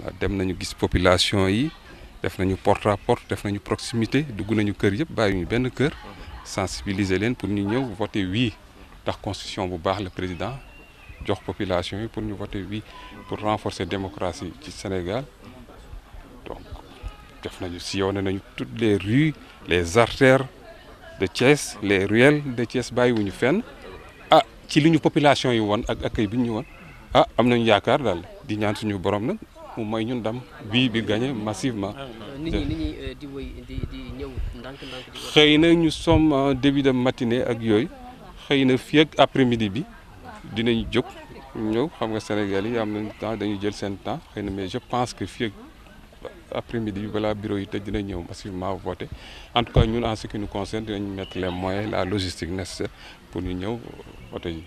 voilà dem nañu gis population yi def nañu porte porte def nañu proximité dugg nañu kër yëpp bàyyi ñu benn kër sensibiliser leen pour ñu ñëw voter wii ndax constitution bu baax la président jox population yi pour ñu voter oui pour renforcer démocratie ci Sénégal donc def nañu sillonné nañu toutes les rues les artères de Thiès les ruelles de Thiès bàyyiwuñu fenn ah ci lu ñu population yi woon ak accueil bi ñu woon ah am nañu yaakaar daal di ñaan suñu borom nag mooy ñun dam bii bi gagné massivement. nit euh, di wëy di di xëy na ñu somme en début de ak yooyu xëy na fii après midi bi dinañ jóg ñëw xam nga Sénégal yi am nañ temps dañu jël seen temps xëy na mais je pense que fii ak après midi bi balaa bureau yi tëj dina ñëw massivement voté en tout cas ñun en ce qui nous concerne dinañ mettre les moyens la logistique nécessaire pour ñu ñëw voté yi